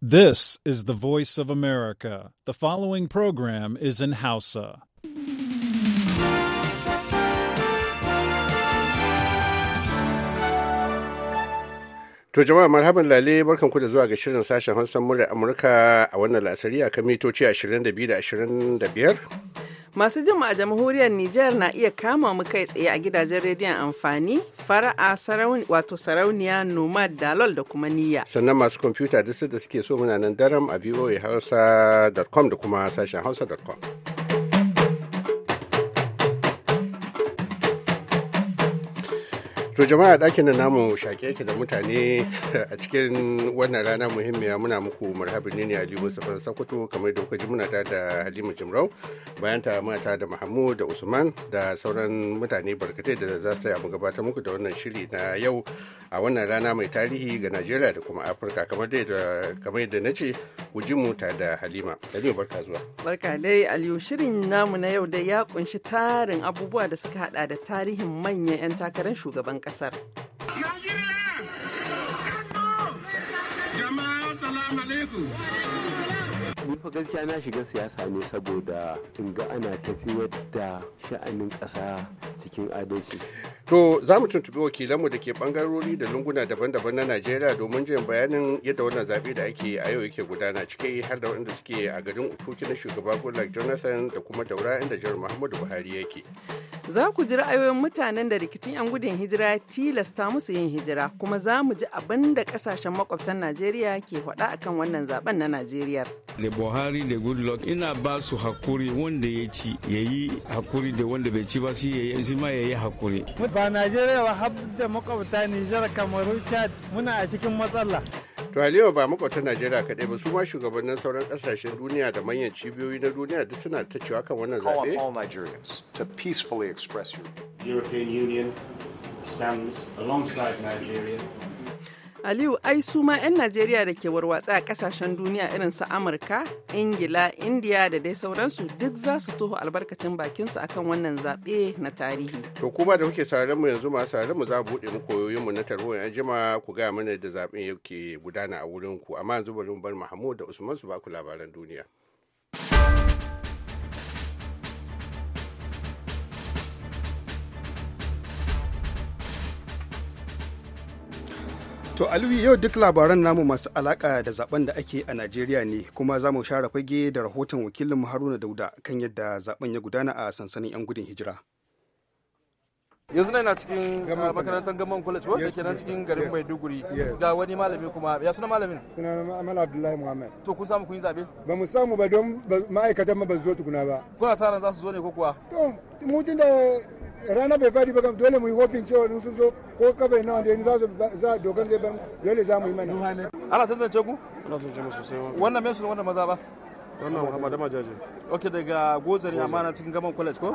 This is the voice of America. The following program is in Hausa. To jama'a marhaban lale barkanku da zuwa ga shirin sashen Hausa murya Amurka a wannan lasariya a kan mitoci 22 da 25 Masu jin a jamhuriyar Nijar na iya kama mu kai tsaye a gidajen rediyon amfani, fara'a sarauni, wato sarauniya Nomad Dalol da kuma Niyya. Sannan masu kwamfuta duk da suke so muna nan daram a voahausa.com da kuma sashen hausa.com. To jama'a ɗakin nan namu shaƙe yake da mutane a cikin wannan rana muhimmiya muna muku marhabin ne ne Aliyu Mustapha sakoto kamar da kuka ji muna ta da Halima Jimrau bayan ta ta da Mahmud da Usman da sauran mutane barkatai da za su mu gabatar muku da wannan shiri na yau a wannan rana mai tarihi ga Najeriya da kuma Afirka kamar dai da kamar da nace ku ji mu ta da Halima. Halima barka zuwa. Barka dai Aliyu shirin namu na yau dai ya kunshi tarin abubuwa da suka hada da tarihin manyan 'yan takarar shugaban casar. ni fa gaskiya na shiga siyasa ne saboda ga ana tafiyar da sha'anin ƙasa cikin adalci. To za mu tuntuɓi wakilanmu da ke ɓangarori da lunguna daban-daban na Najeriya domin jin bayanin yadda wannan zaɓe da ake a yau yake gudana cike har da waɗanda suke a garin Utoki na shugaba Goodluck Jonathan da kuma daura inda jar Muhammadu Buhari yake. Za ku ji ra'ayoyin mutanen da rikicin 'yan gudun hijira tilasta musu yin hijira kuma za mu ji abin da ƙasashen makwabtan Najeriya ke faɗa akan wannan zaben na Najeriya. buhari da goodluck ina ba su hakuri wanda ya ci ya yi hakuri da wanda bai ci ba shi ma ya yi hakuri ba najeriya ba har da makwabta nijar kamaru chad muna a cikin matsala to aliyu ba makwabtan najeriya kaɗai ba su ma shugabannin sauran kasashen duniya da manyan cibiyoyi na duniya duk suna ta cewa kan wannan zaɓe to peacefully express your European Union stands alongside Nigeria Aliyu ai su ma 'yan Najeriya da ke warwatsa a kasashen duniya irin su Amurka, Ingila, Indiya da dai sauransu duk za su toho albarkacin bakinsu akan wannan zaɓe na tarihi. To kuma da kuke sauraron mu yanzu ma sauraron mu za mu buɗe muku koyoyin mu na tarho yan jima ku gaya mana da zaɓen yake gudana a wurin ku amma yanzu bari mu bar Mahmud da Usman su ba ku labaran duniya. To Aliyu yau duk labaran namu masu alaka da zaben da ake a Najeriya ne kuma za mu share fage da rahoton wakilin Haruna Dauda kan yadda zaben ya gudana a sansanin 'yan gudun hijira. yanzu na cikin ah, makarantar gaman college wanda ke nan cikin garin maiduguri ga wani malami kuma ya suna malamin suna amal abdullahi muhammad to kun samu kun yi zabe ba mu samu ba don ma'aikatan ma ba zo tukuna ba kuna sa za su zo ne ko kuwa to mu da rana bai fadi ba kam dole mu yi hopin cewa in sun zo ko kafai nawa da za su za dokan zai ban dole za mu yi mana ana tantance ku ana tantance mu sosai wannan mai wannan maza ba wannan Muhammad Majaji ok daga gozari amana cikin gaban college ko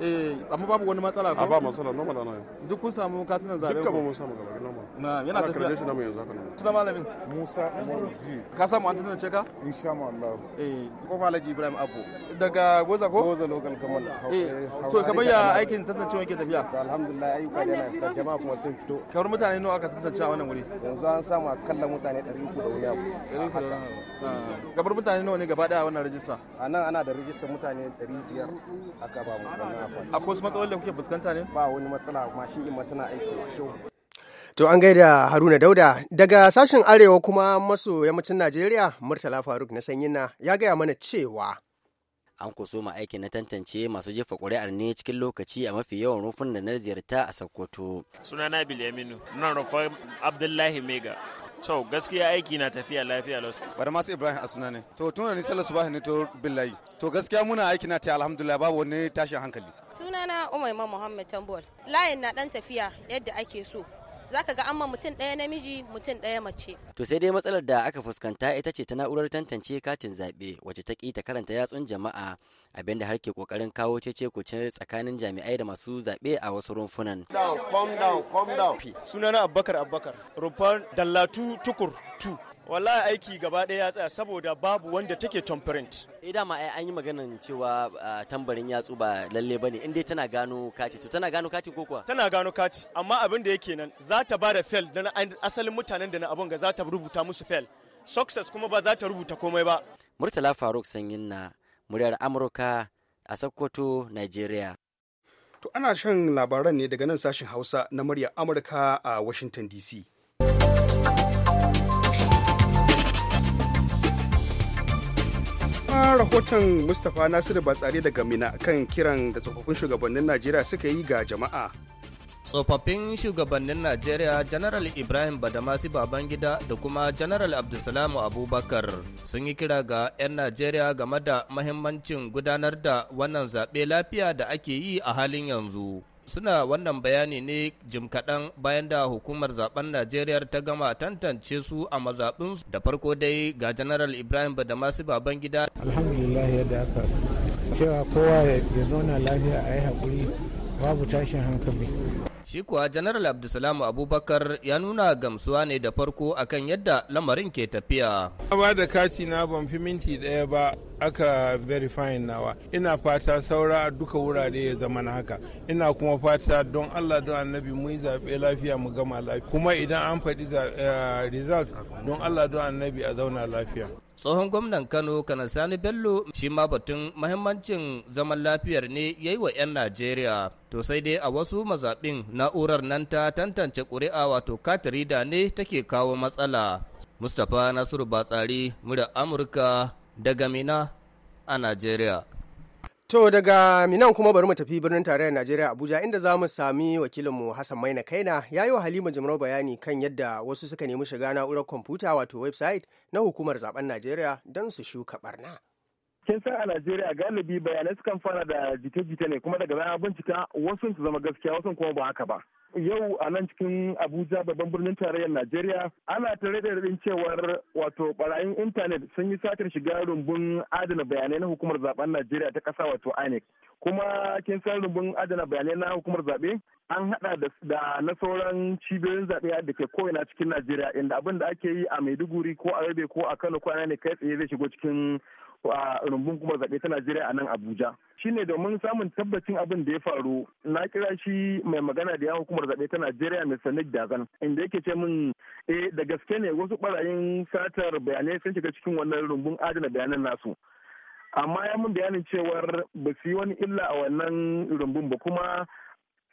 eh. eh amma babu wani matsala ko ba matsala normal ana yau duk kun samu katunan zabe dukkan mu samu gaba normal na yana tafiya shi na mu yanzu haka nan tuna malamin Musa Umar Ji ka samu an tantance ka insha Allah eh ko Malaji Ibrahim Abu daga goza ko goza local kamar eh so kamar ya aikin tantancewa yake tafiya alhamdulillah ayyuka da na jama'a kuma sun fito kamar mutane nawa aka tantance a wannan wuri yanzu an samu akalla mutane 300 da wuya 300 ah. kamar mutane nawa ne gaba daya wannan rajista a nan ana da rajistar mutane 500 a ba mu wannan matsalolin da kuke fuskanta ne ba wani matsala shi in tana aiki kyau To an gaida Haruna Dauda daga sashen Arewa kuma maso yammacin Najeriya Murtala Faruk na Sanyina ya gaya mana cewa an kuso ma aikin na tantance masu jefa ƙuri'ar ne cikin lokaci a mafi yawan rufin da na ziyarta a Sokoto. Sunana Bilyaminu, nan rufa Abdullahi Mega. to gaskiya aiki na tafiya lafiya los bari masu ibrahim a suna ne to tun da ni sallar subahi ne to billahi to gaskiya muna aiki na ta alhamdulillah babu wani tashin hankali sunana umaima muhammad tambol layin na dan tafiya yadda ake so za ka ga amma mutum ɗaya namiji mutum ɗaya mace. To sai dai matsalar da aka fuskanta ita ce ta na'urar tantance katin zaɓe wacce ta ƙi ta karanta yatsun jama'a abin da har ke ƙoƙarin kawo cece kuce tsakanin jami'ai da masu zaɓe a wasu rumfunan. Sunana Abubakar Abubakar, rumfar Dallatu Tukur wallahi aiki gaba ɗaya ya tsaya saboda babu wanda take tamprint eh dama ai an yi maganan cewa tambarin yatsu ba lalle bane in dai tana gano kati to tana gano kati ko kuwa tana gano kati amma abin da yake nan za ta ba da fail na asalin mutanen da na abun ga za ta rubuta musu fail success kuma ba za ta rubuta komai ba murtala faruk sanyin na muryar amurka a sokoto nigeria to ana shan labaran ne daga nan sashin hausa na muryar amurka a washington dc rahoton mustapha nasiru batsari daga mina kan kiran da tsofaffin shugabannin najeriya suka yi ga jama'a tsofaffin shugabannin najeriya general ibrahim badamasi babangida da kuma general abdulsalamu abubakar sun yi kira ga 'yan najeriya game da mahimmancin gudanar da wannan zaɓe lafiya da ake yi a halin yanzu suna wannan bayani ne jim kaɗan bayan da hukumar zaben najeriya ta gama tantance su a mazaɓinsu da farko dai ga janaral ibrahim badamasi baban gida alhamdulillah yadda aka cewa kowa ya zauna lafiya a yi haƙuri babu tashin hankali Shi kuwa Janaral Abdulsalam Abubakar ya nuna gamsuwa ne da farko akan yadda lamarin ke tafiya. ba da kati na ban fi minti ɗaya ba aka verifying nawa. Ina fata saura a duka wurare ya zama na haka. Ina kuma fata don Allah don annabi mu yi zaɓe lafiya mu gama lafiya. Kuma idan an faɗi eh, result don Allah don annabi a zauna lafiya. tsohon gwamnan kano kana sani bello shi ma batun mahimmancin zaman lafiyar ne ya yi wa 'yan najeriya to sai dai a wasu mazaɓin na'urar nan ta tantance ƙuri'a wato katirida ne take kawo matsala mustapha nasiru batsari murya amurka daga mina a najeriya To daga Minan kuma bari mu tafi birnin tarayyar Najeriya Abuja inda za mu sami wakilinmu Hassan Maina Kaina ya yi wa Halima Jimrau bayani kan yadda wasu suka nemi shiga na'urar kwamfuta wato website na hukumar zaben Najeriya don su shuka barna. kin san a Najeriya galibi bayanai sukan fara da jita-jita ne kuma daga baya bincika wasu su zama gaskiya wasu kuma ba haka ba. yau a nan cikin Abuja babban birnin tarayyar Najeriya ana tare da cewar wato barayin intanet sun yi satar shiga rumbun adana bayanai na hukumar zaben Najeriya ta kasa wato INEC. Kuma kin san rumbun adana bayanai na hukumar zaɓe an haɗa da na sauran cibiyoyin zaɓe da ke ko'ina cikin Najeriya inda abin da ake yi a Maiduguri ko a Rabe ko a Kano kwana ne kai tsaye zai shigo cikin rumbun kuma zaɓe ta Najeriya a nan Abuja. shine domin samun tabbacin abin da ya faru na kira shi mai magana da yawon hukumar zaɓe ta najeriya mr da dazan inda yake ce min eh da gaske ne wasu ɓarayin satar bayanai sun shiga cikin wannan rumbun adana bayanan nasu amma ya mun bayanin cewar ba su yi wani illa a wannan rumbun ba kuma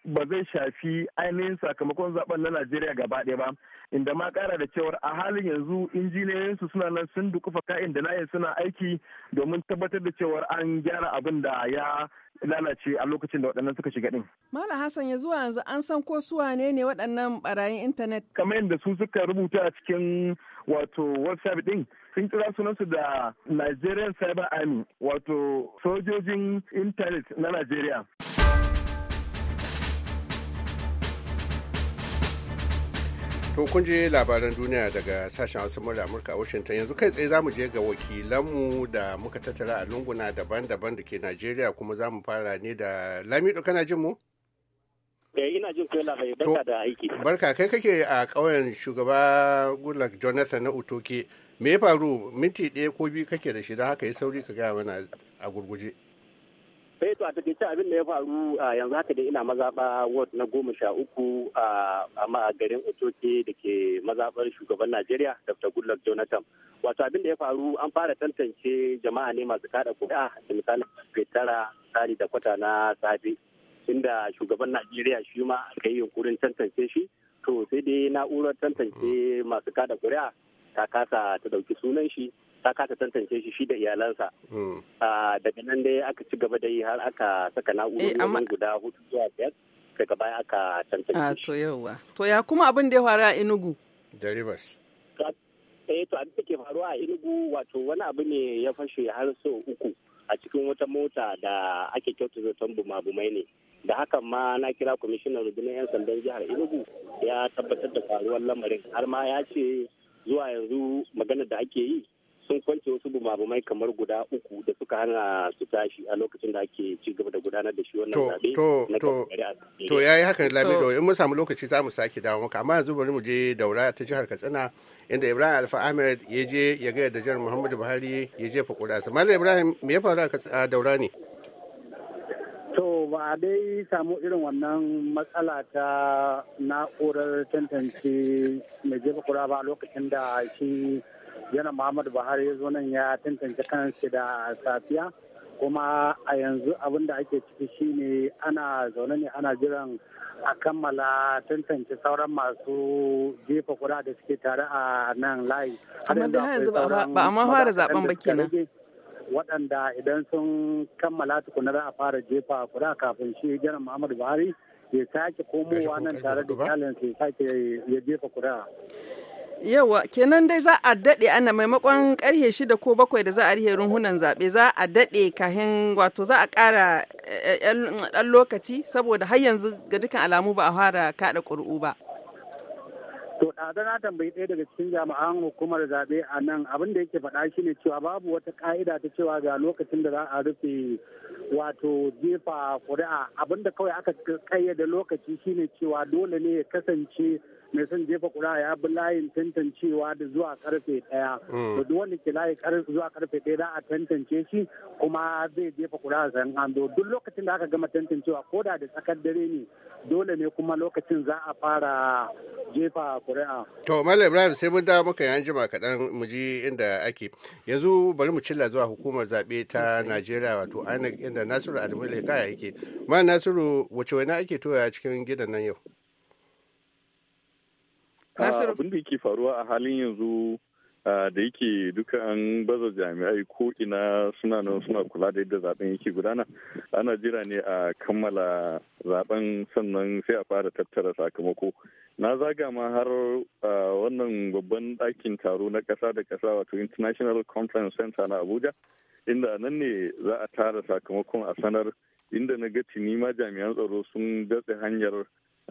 ba zai shafi ainihin sakamakon zaben na Najeriya gaba ɗaya ba inda ma kara da cewar a halin yanzu su suna nan sun dukufa ka'in da layin suna aiki domin tabbatar da cewar an gyara abin da ya lalace a lokacin da waɗannan suka shiga ɗin. Mala Hassan ya zuwa yanzu an san ko su wane ne waɗannan barayin intanet. Kamar yadda su suka rubuta a cikin wato WhatsApp ɗin sun kira sunansu da Nigerian Cyber Army wato sojojin intanet na Najeriya. To kun je labaran duniya daga sashen wasu murya Amurka a Washington yanzu kai tsaye za mu je ga wakilanmu da muka tattara a lunguna daban-daban da ke Najeriya kuma za mu fara ne da Lamido kana jin mu? Eh ina jin kai labai barka da aiki. Barka kai kake a ƙauyen shugaba Goodluck Jonathan na Utoke. Me ya faru minti ɗaya ko biyu kake da shi don haka yi sauri ka gaya mana a gurguje. sai eh, to a takaice abin da ya faru yanzu haka dai ina mazaɓa ward na goma sha uku a garin otoke da ke mazaɓar shugaban najeriya dr goodluck jonathan wato abin da ya faru an fara tantance jama'a ne masu kada kuri'a da misali tara tsari da kwata na safe inda shugaban najeriya shi ma aka yi yunkurin tantance shi to sai dai na'urar tantance masu kada kuri'a ta kasa ta ɗauki sunan shi ta kasa tantance shi shi da iyalansa hmm. ah, daga nan dai aka ci gaba da yi har aka saka na'urorin eh, guda hudu zuwa biyar daga baya aka tantance ah, shi to yawa to ya kuma abin da ya faru a Enugu da Rivers eh to abin da ke faruwa a inugu wato wani abu ne ya fashe har sau uku a cikin wata mota da ake kyautu zaton bumabumai ne da hakan ma na kira kwamishinan rundunar 'yan sandan jihar inugu ya tabbatar da faruwar lamarin har ma ya ce zuwa yanzu magana da ake yi sun kwance wasu bumabumai kamar guda uku da suka hana su tashi a lokacin da ake ci gaba da gudanar da shi wannan zaɓe To, to to yayi haka lamido in mun samu lokaci za mu sake dawo maka amma yanzu bari mu je daura ta jihar Katsina inda Ibrahim Alfa Ahmed ya je ya ga da jihar Muhammadu Buhari ya je fakura sa Malam Ibrahim me ya faru a daura ne to ba a dai samu irin wannan matsala ta na'urar tantance mai jefa kura ba a lokacin da shi yana muhammadu buhari ya zo nan ya tantance kansa da safiya kuma a yanzu abin da ake ciki shine ana zaune ne ana jiran a kammala tantance sauran masu jefa kura da suke tare a nan layi amma da yanzu ba a ma fara zaben ba kenan waɗanda idan sun kammala tukuna za a fara jefa kura kafin shi jiran muhammadu buhari ya sake komowa nan tare da kalin ya sake ya jefa kura Yawa kenan dai za a daɗe ana maimakon karhe shida ko bakwai da za a rihe runhunan zaɓe za a daɗe kahin wato za a ƙara eh, eh, ɗan lokaci saboda har yanzu ga dukkan alamu ba a fara kaɗa ƙuri'u ba. To da na tambayi ɗaya daga cikin jami'an hukumar zaɓe a nan abin da yake faɗa shine cewa babu wata ƙa'ida ta cewa ga lokacin da za a rufe wato jefa ƙuri'a abin da kawai aka ƙayyade lokaci shine cewa dole ne ya kasance mai son jefa kura ya bi layin tantancewa da zuwa karfe daya da mm. duk wanda ke layi zuwa karfe daya za a tantance shi kuma zai jefa kura zan hando duk lokacin da aka gama tantancewa ko da da tsakar dare ne dole ne kuma lokacin za a fara jefa kuri'a. to malam ibrahim sai mun dawo maka yan jima kaɗan mu ji inda ake yanzu bari mu cilla zuwa hukumar zaɓe ta najeriya wato ainihin inda nasiru adamu lekaya yake ma nasiru wace wani ake toya cikin gidan nan yau. abin da yake faruwa a halin yanzu da yake duka an baza jami'ai ko ina suna nan suna kula da yadda zaben yake gudana ana jira ne a kammala zaben sannan sai a fara tattara sakamako na zaga ma har wannan babban ɗakin taro na ƙasa da ƙasa wato international conference center na abuja inda nan ne za a tara sakamakon a sanar inda na ga ma jami'an tsaro sun datse hanyar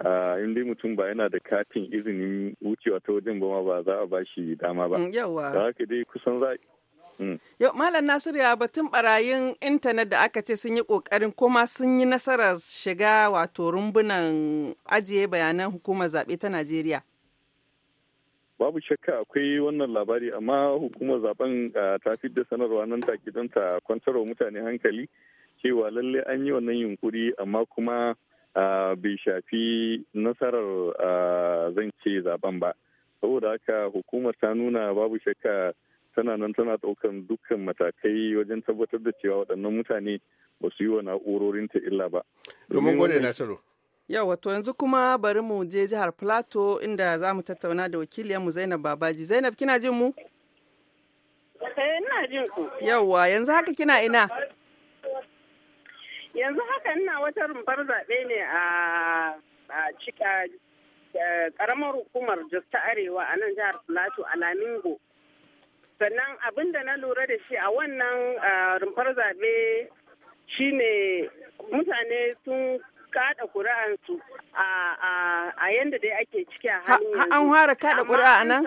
in dai mutum ba yana da katin izinin wucewa ta wajen ba ba za a ba shi dama ba mm, yawa da haka dai kusan za mm. Yau Malam Nasiru ya batun barayin intanet da aka ce sun yi kokarin kuma sun yi nasarar shiga wato rumbunan ajiye bayanan hukumar zaɓe ta Najeriya. babu shakka akwai wannan labari amma hukumar zaben ta da sanarwa nan take don ta kwantarwa mutane hankali cewa lalle an yi wannan yunkuri amma kuma bai shafi nasarar zan ce zaben ba saboda haka hukumar ta nuna babu shakka tana nan tana daukan dukkan matakai wajen tabbatar da cewa waɗannan mutane ba su yi wa na'urorin ta illa ba. Domin gode Nasiru. Yau wato yanzu kuma bari mu je jihar Plateau inda za mu tattauna da wakiliyarmu Zainab Babaji. Zainab kina jin mu? Eh, Yawwa yanzu haka kina ina? yanzu haka ina wata rumfar zaɓe ne a cika karamar eh, hukumar justa arewa a nan jihar plateau a lamingo sannan abin da na lura da shi a wannan eh, rumfar zaɓe shine mutane sun kada kuri'ansu a yadda dai ake ciki a halin yanzu. an fara kada kuri'a a nan?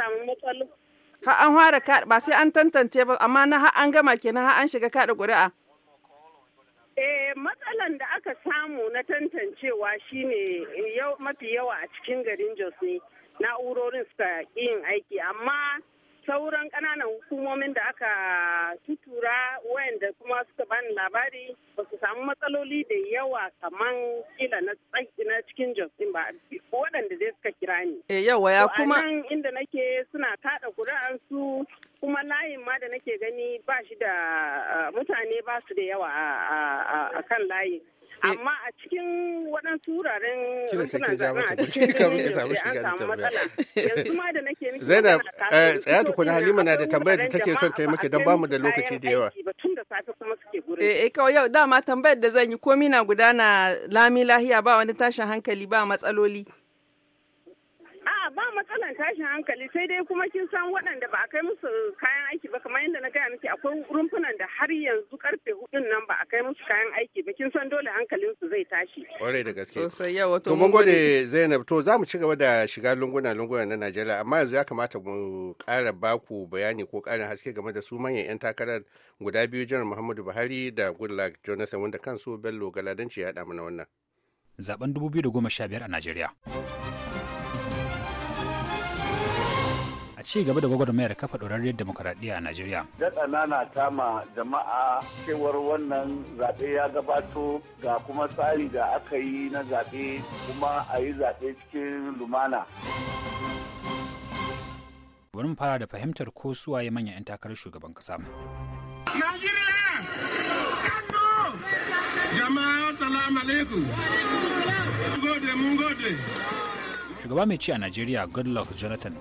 Ha an fara ba sai an tantance ba amma na ha an gama kenan ha an shiga kada kuri'a. Eh, matsalan da aka samu na tantancewa shine yau mafi yawa a cikin garin Jos ne na'urorin suka yin aiki amma sauran ƙananan hukumomin da aka tutura wayanda kuma suka bani labari ba su samu matsaloli da yawa kaman kila na na cikin Jos din ba waɗanda dai suka kira ni. Eh yawa ya kuma. inda nake suna kaɗa su. kuma layin ma da nake gani ba shi da mutane ba su da yawa a kan layi eh. amma a cikin waɗansu wuraren rumfunan zaben a cikin da nake miki eh, da tambayar take son ta yi miki don bamu da lokaci da yawa eh, eh, kawai yau dama tambayar da zan yi komi na gudana lami lahiya ba wani tashin hankali ba matsaloli. ba matsalar tashin hankali sai dai kuma kin san waɗanda ba a kai musu kayan aiki ba kamar yadda na gaya miki akwai rumfunan da har yanzu karfe hudun nan ba a kai musu kayan aiki ba kin san dole hankalin su zai tashi. Kwarai da gaske. Sosai yawa to mun gode Zainab to za mu ci gaba da shiga lunguna lunguna na Najeriya amma yanzu ya kamata mu kara baku bayani ko karin haske game da su manyan 'yan takarar guda biyu janar Muhammadu Buhari da Goodluck Jonathan wanda kansu Bello Galadanci ya haɗa mana wannan. Zaben biyar a Najeriya. ci gaba da gwagwarmayar kafa ɗorarriyar demokaradiyya a Najeriya. Daɗa na tama jama'a cewar wannan zaɓe ya gabato ga kuma tsari da aka yi na zaɓe kuma a yi zaɓe cikin lumana. Bari fara da fahimtar ko suwaye manyan 'yan takarar shugaban ƙasa. Shugaba mai ci a Najeriya Goodluck Jonathan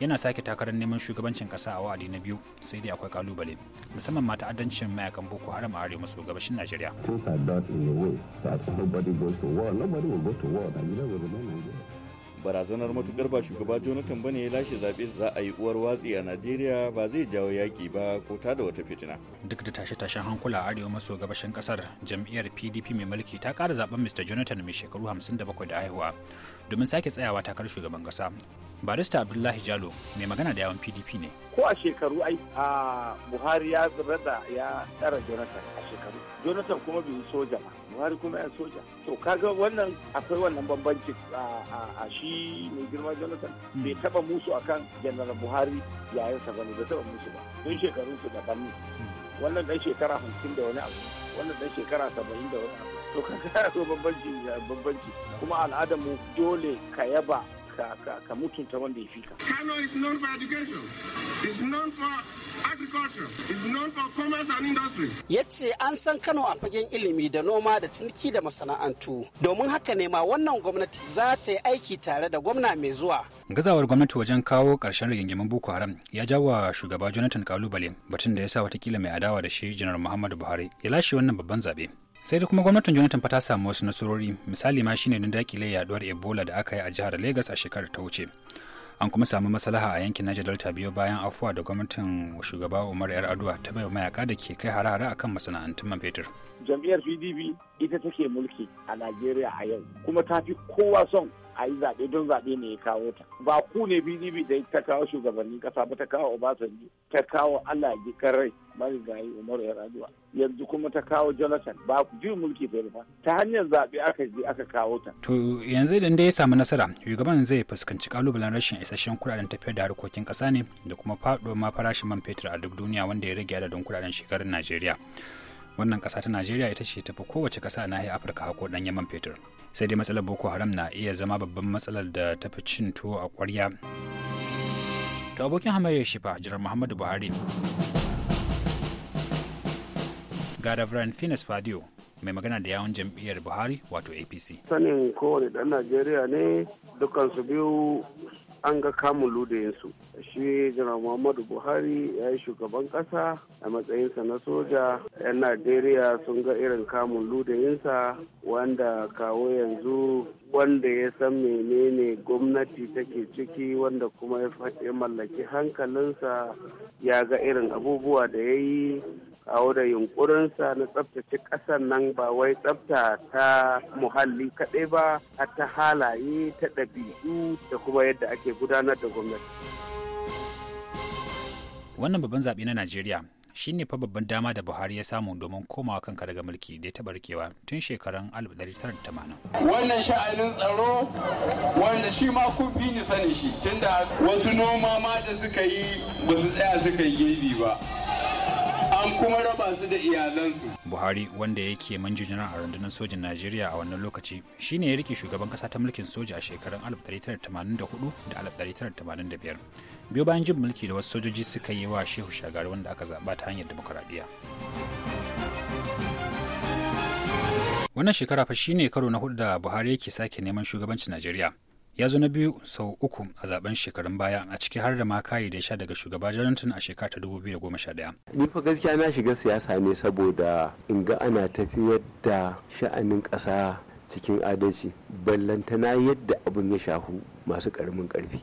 yana sake takarar neman shugabancin kasa a wa'adi na biyu sai dai akwai kalubale musamman ma ta'addancin mayakan boko haram a arewa maso gabashin najeriya barazanar matukar ba shugaba jonathan ne ya lashe zaɓe za a yi uwar watsi a najeriya ba zai jawo yaƙi ba ko ta da wata fitina duk da tashe-tashen hankula a arewa maso gabashin kasar jam'iyyar pdp mai mulki ta ƙara zaɓen mr jonathan mai shekaru 57 da haihuwa domin sake tsayawa takar shugaban kasa. barista abdullahi jalo mai magana da yawan pdp ne ko a shekaru ai a buhari ya da ya tsara jonathan a shekaru jonathan kuma bai yi soja ba buhari kuma ya soja to kaga wannan akwai wannan bambanci a shi mai girma jonathan hmm. bai taba musu akan general buhari yayin ba bane bai taba musu ba don shekarun su daban ne hmm. wannan dan shekara hamsin da wani abu wannan dan shekara saba'in da wani abu to kaga ya so bambanci hmm. kuma al'adar mu dole ka yaba ka mutunta wanda ya fi ka. Kano is known for education, is known for agriculture, is known for commerce and industry. Ya ce an san Kano a fagen ilimi da noma da ciniki da masana'antu. Domin haka ne ma wannan gwamnati za ta yi aiki tare da gwamna mai zuwa. Gazawar gwamnati wajen kawo ƙarshen rigingimin Boko Haram ya jawo wa shugaba Jonathan Kalubale batun da ya sa watakila mai adawa da shi Janar Muhammadu Buhari ya lashe wannan babban zaɓe. sai da kuma gwamnatin jonathan ta samu wasu nasarori misali ma shine don dakile yaduwar ebola da aka yi a jihar lagos a shekarar ta wuce an kuma samu maslaha a yankin niger delta biyu bayan afuwa da gwamnatin shugaba umar yar aduwa ta bai mayaka da ke kai hare-hare akan masana'antun man fetur jam'iyyar pdp ita take mulki a najeriya a yau kuma ta fi kowa son a yi zaɓe don zaɓe ne ya kawo ta ba ku ne pdp da ta kawo shugabanni ƙasa ba ta kawo obasanjo ta kawo allah ji rai marigayi umaru raduwa yanzu kuma ta kawo jonathan ba ku ji mulki bai rufa ta hanyar zaɓe aka je aka kawo ta. to yanzu idan dai ya samu nasara shugaban zai fuskanci kalubalen rashin isasshen kuɗaɗen tafiyar da harkokin ƙasa ne da kuma faɗo ma farashin man fetur a duk duniya wanda ya rage adadin kuɗaɗen shekarar najeriya. wannan ƙasa ta najeriya ita ce tafi kowace ƙasa a nahiyar afirka hako dan yaman fetur sai dai matsalar boko haram na iya zama babban matsalar da tafi cin tuwo a kwarya. to abokin hamayyar shifa jiran muhammadu buhari ga reverend finis fadio mai magana da yawon jam'iyyar buhari wato apc sanin kowane ɗan najeriya ne dukansu biyu an ga kamun ludayinsu shi jiran muhammadu buhari ya yi shugaban ƙasa a matsayinsa na soja 'yan najeriya sun ga irin kamun ludayinsa wanda kawo yanzu wanda ya san menene gwamnati take ciki wanda kuma ya mallaki hankalinsa ya ga irin abubuwa da ya yi kawo da yunkurinsa na tsabtace ƙasar nan ba wai tsabta ta muhalli kaɗai ba a ta halaye ta ɗabi'u da kuma yadda ake gudanar da gwamnati. Wannan babban zaɓe na Najeriya shi ne fa babban dama da Buhari ya samu domin komawa kanka daga mulki da ya taɓa rikewa tun shekaran 1980. Wannan sha'anin tsaro wanda shi ma kun fi ni sani shi tunda wasu noma ma da suka yi ba su tsaya suka yi girbi ba. an kuma raba su da iyalansu. Buhari wanda yake manjujinar a rundunar sojin Najeriya a wannan lokaci shine ya rike shugaban kasa ta mulkin soja a shekarun 1984 da 1985. Biyo bayan jin mulki da wasu sojoji suka yi wa Shehu Shagari wanda aka zaɓa ta hanyar demokuraɗiyya. Wannan shekara fa shine karo na hudu da Buhari yake sake neman shugabancin Najeriya. ya zo na biyu sau uku a zaben shekarun baya a ciki har da ma kayi da sha daga shugaba jonathan a shekara ta 2011 ni fa gaskiya na shiga siyasa ne saboda in ga ana tafiyar da sha'anin ƙasa cikin adalci na yadda abin ya shahu masu ƙaramin ƙarfi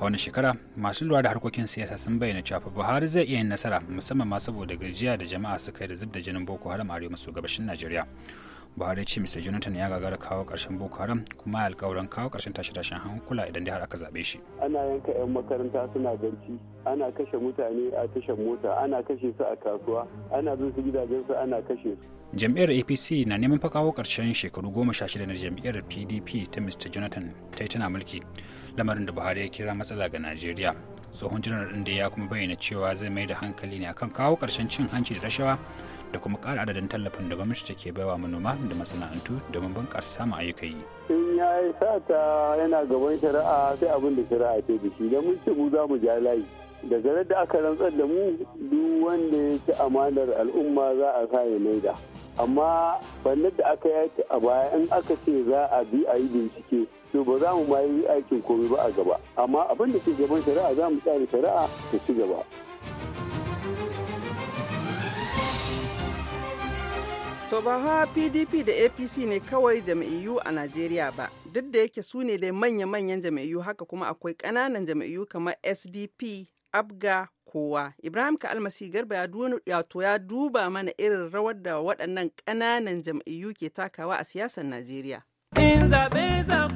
a wani shekara masu lura da harkokin siyasa sun bayyana cewa buhari zai iya yin nasara musamman ma saboda gajiya da jama'a suka yi da zub da jinin boko haram arewa maso gabashin najeriya buhari ce mr jonathan ya gagara kawo karshen boko haram kuma ya alkawarin kawo karshen tashe-tashen hankula idan dai har aka zaɓe shi ana yanka 'yan makaranta suna barci ana kashe mutane a tashar mota ana kashe su a kasuwa ana bin su gidajensu ana kashe su jam'iyyar apc na neman fakawo karshen shekaru goma sha shida na jam'iyyar pdp ta mr jonathan ta tana mulki lamarin da buhari ya kira matsala ga najeriya tsohon janar ɗin da ya kuma bayyana cewa zai mai da hankali ne akan kawo karshen cin hanci da rashawa da kuma ƙara adadin tallafin da gwamnati take baiwa manoma da masana'antu domin bunƙasa samun ayyuka yi. in ya yi sata yana gaban shari'a sai abin da shari'a ce da shi don mun ce mu za mu ja layi da zarar da aka rantsar da mu duk wanda ya ci amanar al'umma za a sa ya maida amma bannar da aka yaki a baya in aka ce za a bi a yi bincike to ba za mu ma yi aikin komai ba a gaba amma abin da ke gaban shari'a za mu tsare shari'a ta ci gaba. To ba ha PDP da APC ne kawai jam'iyyu a Najeriya ba, duk da yake su ne dai manya-manyan jam'iyyu haka kuma akwai ƙananan jam'iyyu kamar SDP, Abga, kowa. Ibrahim ka almasi garba ya to ya duba mana irin rawar da waɗannan ƙananan jam'iyyu ke takawa a siyasar Najeriya. In zaɓe za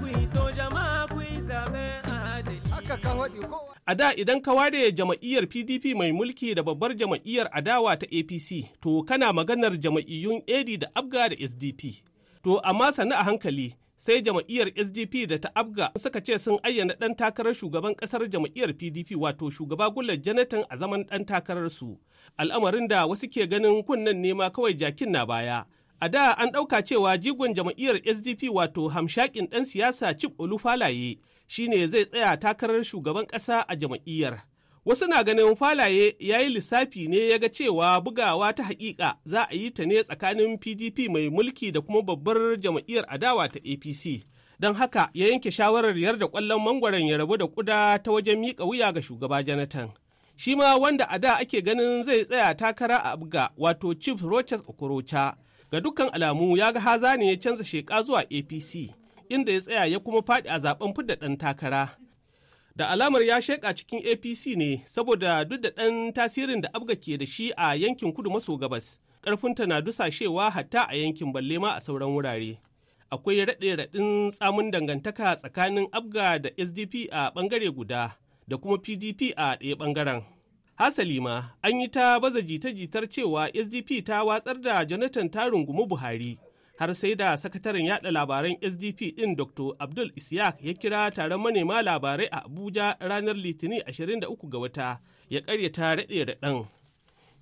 A da idan ka ware jama'iyyar PDP mai mulki da babbar jama'iyyar adawa ta APC, to kana maganar jama'iyyun AD da Abga da SDP. To amma sani a hankali, sai jama'iyyar SDP da ta Abga suka ce sun ayyana ɗan takarar shugaban ƙasar jama'iyyar PDP wato shugaba Gullar Jonathan a zaman ɗan takararsu. Al'amarin da wasu ke ganin kunnen nema kawai jakin na baya. A da an ɗauka cewa jigon jama'iyyar SDP wato hamshakin ɗan siyasa Chip Olufalaye shine zai tsaya takarar shugaban ƙasa a jam'iyyar. Wasu na ganin falaye ya yi lissafi ne ya ga cewa bugawa ta haƙiƙa za a yi ta ne tsakanin PDP mai mulki da kuma babbar jam'iyyar adawa ta APC. Don haka ya yanke shawarar yarda ƙwallon mangwaron ya rabu da ƙuda ta wajen miƙa wuya ga shugaba Jonathan. Shi ma wanda a da ake ganin zai tsaya takara a buga wato Chief Rochas Okorocha. Ga dukkan alamu ya ga haza ne ya canza sheƙa zuwa APC. inda ya tsaya ya kuma faɗi a zaben fidda ɗan takara. Da alamar ya sheƙa cikin APC ne saboda duk da ɗan tasirin da abga ke da shi a yankin kudu maso gabas, ƙarfinta na dusashewa hatta a yankin balle ma a sauran wurare. Akwai raɗe-raɗin tsamin dangantaka tsakanin abga da SDP a ɓangare guda da kuma PDP a ɗaya ɓangaren. Hasali ma an yi ta baza jita-jitar cewa SDP ta watsar da Jonathan ta rungumi Buhari. har sai da sakataren yada labaran sdp din dr abdul isiyak ya kira taron manema labarai a abuja ranar litinin 23 ga wata ya karyata raɗe raɗen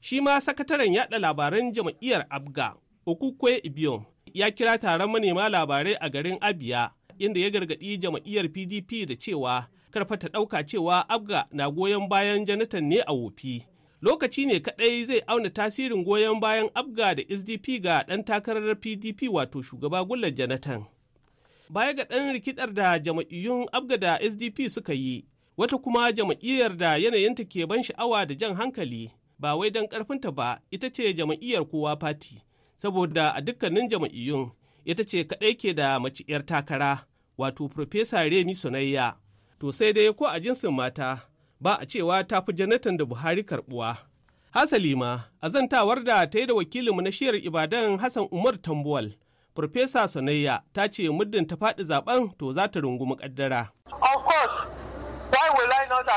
shi ma sakataren yada labaran jam'iyyar abga okukwe ibiom ya kira taron manema labarai a garin abia inda ya gargaɗi jam'iyyar pdp da cewa karfa ta ɗauka cewa abga na goyon bayan janatan ne a wofi lokaci ne kaɗai zai auna tasirin goyon bayan abga da sdp ga ɗan takarar pdp wato shugaba gullar janatan baya ga ɗan rikidar da jama'iyyun abga da sdp suka yi wata kuma jama'iyyar da yanayinta ke ban sha'awa da jan hankali ba wai don ƙarfinta ba ita ce jama'iyyar kowa fati saboda a dukkanin jama'iyyun ita ce kaɗai ke da maciyar takara wato Profesa Remi Sunayya. To sai dai ko a jinsin mata ba a cewa ta fi janatan da Buhari karbuwa. Hasali ma, azantawar da ta yi da wakilinmu na shiyar Ibadan Hassan Umar Tambuwal, Farfesa Sanayya ta ce muddin ta faɗi zaben to za ta rungumi ƙaddara.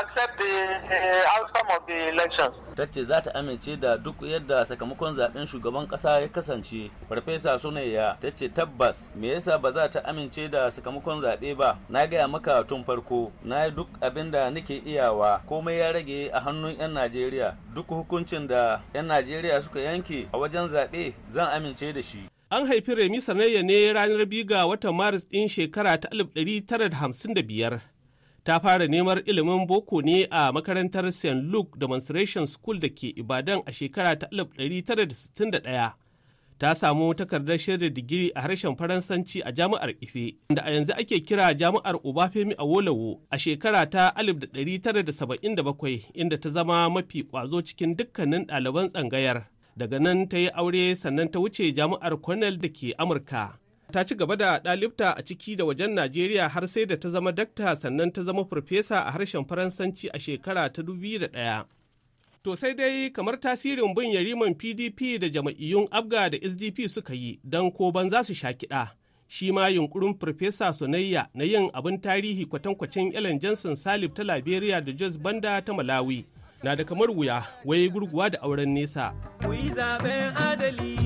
accept the eh, outcome of the elections. Ta za ta amince da duk yadda sakamakon zaben shugaban kasa ya kasance. Farfesa Sunayya ta ce tabbas me yasa ba za ta amince da sakamakon zaɓe ba. Na gaya maka tun farko, na yi duk abin da nake iyawa, komai ya rage a hannun 'yan Najeriya. Duk hukuncin da 'yan Najeriya suka yanke a wajen zaɓe zan amince da shi. An haifi Remi Sanayya ne ranar biyu ga watan Maris ɗin shekara ta 1955. ta fara neman ilimin boko ne a makarantar St. Luke Demonstration School da ke Ibadan a shekara ta 1961. Ta samu takardar shirin digiri a harshen Faransanci a jami'ar Ife, da a yanzu ake kira jami'ar Obafemi Awolowo a shekara ta 1977 inda ta zama mafi kwazo cikin dukkanin ɗaliban tsangayar. Daga nan ta yi aure sannan ta wuce jami'ar Cornell da ke Amurka. ta ci gaba da ɗalibta a ciki da wajen Najeriya har sai da ta zama dakta sannan ta zama farfesa a harshen Faransanci a shekara ta ɗaya. To sai dai kamar tasirin bin yariman PDP da jama'iyyun Abga da SDP suka yi don ko ban za su sha kiɗa. Shi ma yunkurin Farfesa Sonayya na yin abin tarihi kwatankwacin Ellen Johnson Salib ta Liberia da Jos Banda ta Malawi na da kamar wuya wai gurguwa da auren nesa. Ku yi zaben adali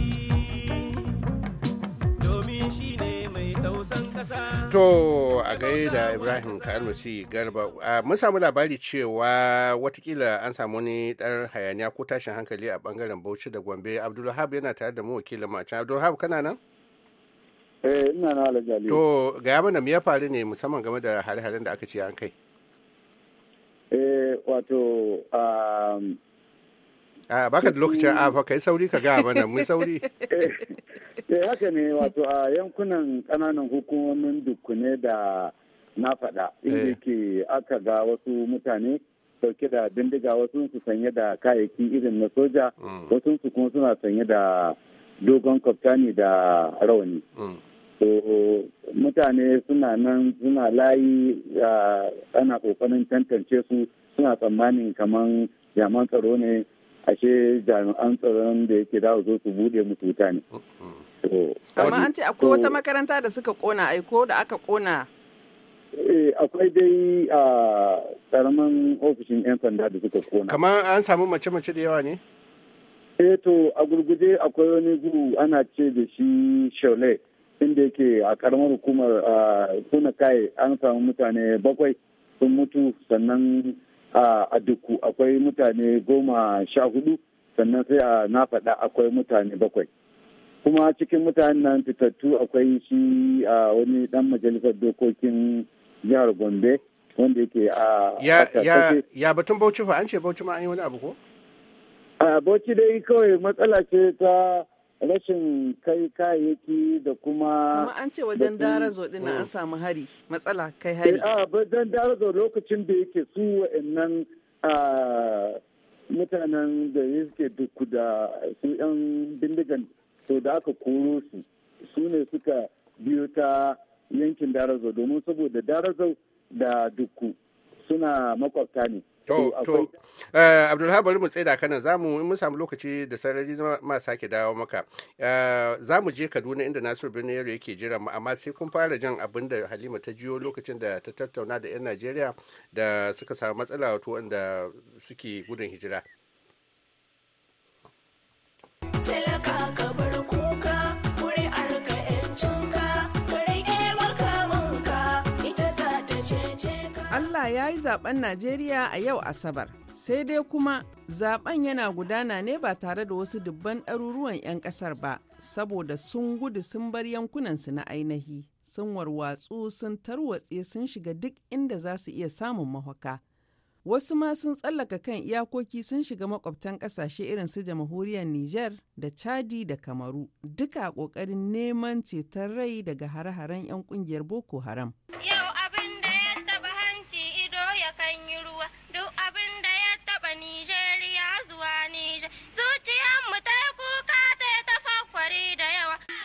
To a gaida Ibrahim ka almasi garba. Mun samu labari cewa watakila an samu wani ɗan hayaniya ko tashin hankali a bangaren Bauchi da Gombe. Abdulhab yana tare da mu wakilin macen. Abdulhab kana nan? Eh ina na alajali. To ga mana me ya faru ne musamman game da hare-haren da aka ce an kai? Eh wato um, a baka da lokacin afa kai sauri ka ga mana mun sauri eh, eh haka ne wato a yankunan kananan hukumomin dukkune da na faɗa inda eh. yake aka ga wasu mutane dauke da bindiga wasu su sanye da kayayyaki irin na soja mm. wasu su kuma suna sanye da dogon kaftani da rauni mm. so mutane suna nan suna layi ana kokarin tantance su suna tsammanin kaman jaman tsaro ne ashe jami'an tsaron da yake dawo zo su bude musu wuta ne. Amma an ce akwai wata makaranta da suka kona aiko da aka kona. Eh, akwai dai a ah, karamin ofishin 'yan sanda da suka kona. Kamar an samu mace-mace da yawa ne? Eh to a gurguje akwai wani guru ana ce da shi Shaule inda yake a karamar hukumar ah, kuna kai an samu mutane bakwai sun mutu sannan a duku akwai mutane goma sha hudu sannan sai a na faɗa akwai mutane bakwai kuma cikin mutanen nan fitattu akwai shi a wani dan majalisar dokokin jihar gombe wanda yake a ya batun bauchi fa an ce bauchi ma an yi wani abu ko a bauchi dai kawai matsala ce ta rashin kai kayayyaki da kuma kuma an ce wajen darazo din an hmm. samu hari matsala kai hari eh, a ah, wajen darazo lokacin da yake su wa'annan ah, mutanen da yake duku da su yan bindigan so da aka koro su su ne suka biyo ta yankin darazo domin saboda darazo da duku suna makwabta ne To, to, eh, Abdulhab bari mu tsaida kana za mu mun samu lokaci da sarari ma sake dawo maka. Eh, za mu je Kaduna inda Nasiru Birnin Yaro yake jira mu amma sai kun fara jan abin da Halima ta jiyo lokacin da ta tattauna da 'yan Najeriya da suka samu matsala wato wanda suke gudun hijira. Talaka ka bar kuka, kuri'ar ka 'yancinka, kare ka ita za ta cece. Allah ya yi zaben Najeriya a yau Asabar, sai dai kuma zaben yana gudana ne ba tare da wasu dubban ɗaruruwan 'yan ƙasar ba, saboda sun gudu sun bar yankunansu na ainihi, sun warwatsu sun tarwatse sun shiga duk inda za su iya samun mahaka. Wasu ma sun tsallaka kan iyakoki sun shiga makwabtan ƙasashe irin su jamhuriyar Nijar da Chadi da Kamaru, duka ƙoƙarin neman ceton rai daga hare-haren 'yan ƙungiyar Boko Haram. Yau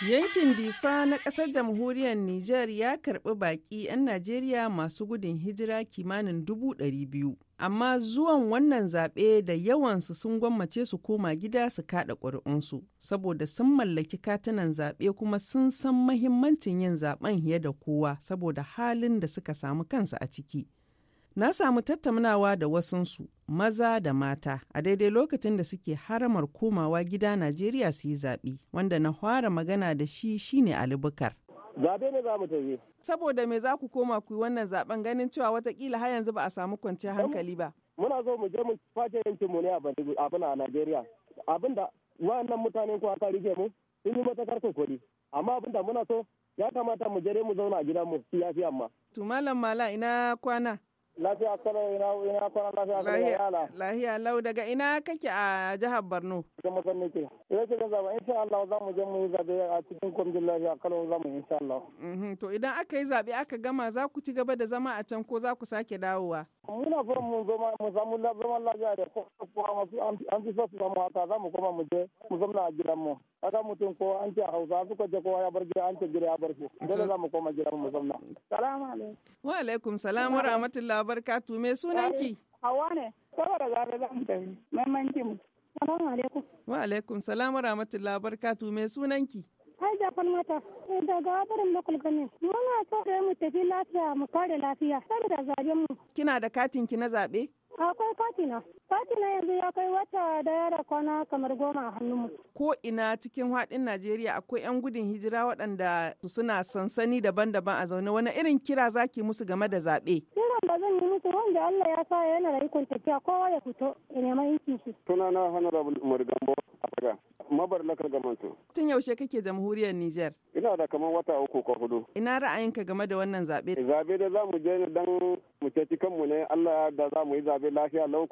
Yankin Difa na ƙasar jamhuriyar Nijar ya karɓi baƙi 'yan Najeriya masu gudun hijira kimanin dubu ɗari biyu. Amma zuwan wannan zaɓe da yawansu sun gwammace su koma gida su kaɗa ƙuri'unsu, saboda sun mallaki katunan zaɓe kuma sun san mahimmancin yin zaɓen fiye da kowa saboda halin da suka samu kansu a ciki. Na samu tattaunawa da wasansu maza da mata a daidai lokacin da suke haramar komawa gida Najeriya su yi zaɓe wanda na fara magana da shi shine Ali Bukar. Zaɓe ne za mu tafi. Saboda me za ku koma ku yi wannan zaɓen ganin cewa watakila har yanzu ba a samu kwanciyar hankali ba. Muna so mu je mu fashe yancin mu ne a a Najeriya. Abin da wa'annan mutanen ko aka rike mu sun yi matakar kokori. Amma abin da muna so ya kamata mu je mu zauna a gidan mu lafiya Tumalan mala ina kwana. Lafiya kalau ina ina kwana lafiya kalau ya ala. lafiya lau daga ina kake a jihar Borno? Da musanni ke. Ina eh, cikin zaba insha Allah za mu je mu yi zabe a cikin kwamitin lafiya kala za mu insha Allah. Mhm, to idan aka yi zabe aka gama za ku ci gaba da zama a can ko za ku sake dawowa? muna so mu zama mu samu zaman lafiya da kowa masu an fi so su samu haka za mu koma mu je mu zama a mu haka mutum ko an ce hausa suka je kowa ya bar gida an ce gida ya bar shi dole za mu koma gidanmu mu zama salamu alaikum wa alaikum salam wa rahmatullahi wa barakatuh me sunanki hawa ne saboda gare za mu tafi maimanci mu salamu alaikum wa alaikum salam wa rahmatullahi wa barakatuh me sunanki kai jafan mata eh, daga barin lokal ganin muna so da mu tafi lafiya mu kare lafiya saboda zaben mu kina da katin ki na zabe Akwai fatina. Fatina yanzu ya kai wata daya da kwana kamar goma a hannunmu. Ko ina cikin haɗin Najeriya akwai 'yan gudun hijira waɗanda suna sansani daban-daban a zaune wani irin kira zaki musu game da zaɓe. Kiran ba zan yi musu wanda Allah ya sa yana da ikon tafiya kowa ya fito ya nema yankin shi. Sunana Honorable Umar Gambo Afaga. Mabar lakar gamanto. Tun yaushe kake jamhuriyar Nijar? Ina da kamar wata uku ko hudu. Ina ra'ayinka game da wannan zaɓe? Zaɓe da za mu je dan mu ce kanmu ne Allah da za mu yi zaɓe ቤላኪ ያለው